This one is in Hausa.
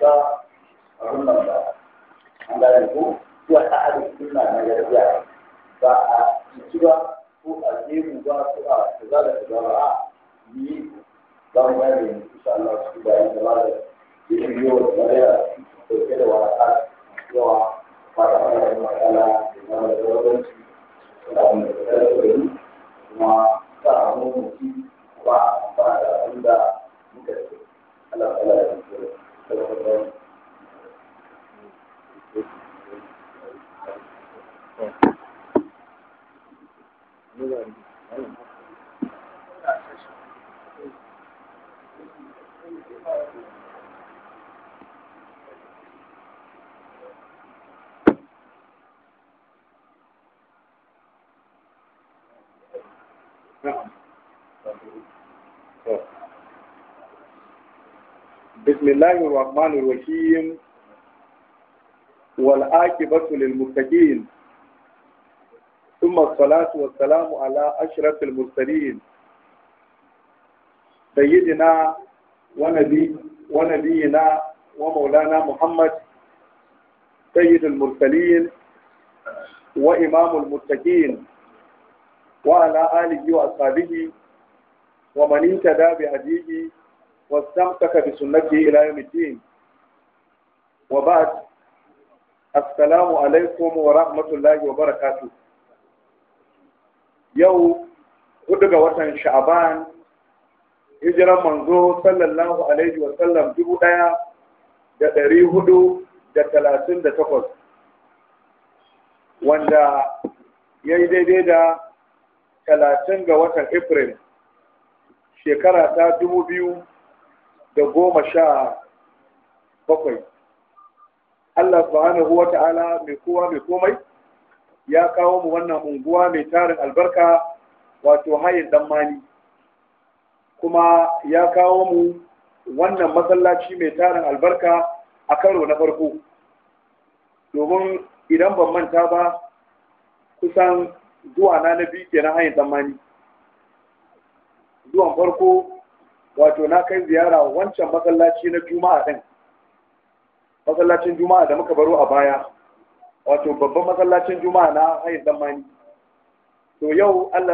ta abin nan ba an gane ko a ta'adin suna na ba a ba ko a jebu ba ko a kaza da kaza ba a yi za mu gane insha Allah su ba yi gaba da yin da baya da wata yawa fara fara da matsala da zama da da kuma ta mutum بسم الله الرحمن الرحيم والعاقبة للمتقين ثم الصلاة والسلام على أشرف المرسلين سيدنا ونبي ونبينا ومولانا محمد سيد المرسلين وإمام المتقين وعلى آله وأصحابه ومن اهتدى بهديه واستمسك بسنته إلى يوم الدين وبعد السلام عليكم ورحمة الله وبركاته yau hudu ga watan sha'aban hijiran manzo sallallahu alaihi wasallam dubu ɗaya da ɗari hudu da talatin da takwas wanda ya yi daidai da talatin ga watan april shekara ta dubu biyu da goma sha bakwai Allah subhanahu wa ta'ala mai kowa mai komai ya kawo mu wannan unguwa mai tarin albarka wato hayin dan kuma ya kawo mu wannan masallaci mai tarin albarka a karo na farko domin idan ban manta ba kusan zuwa na na biyu kenan hayin tsammani zuwan farko wato na kai ziyara wancan masallaci na juma'a din masallacin juma'a da muka baro a baya wato babban masallacin juma'a na hayin zamani to yau Allah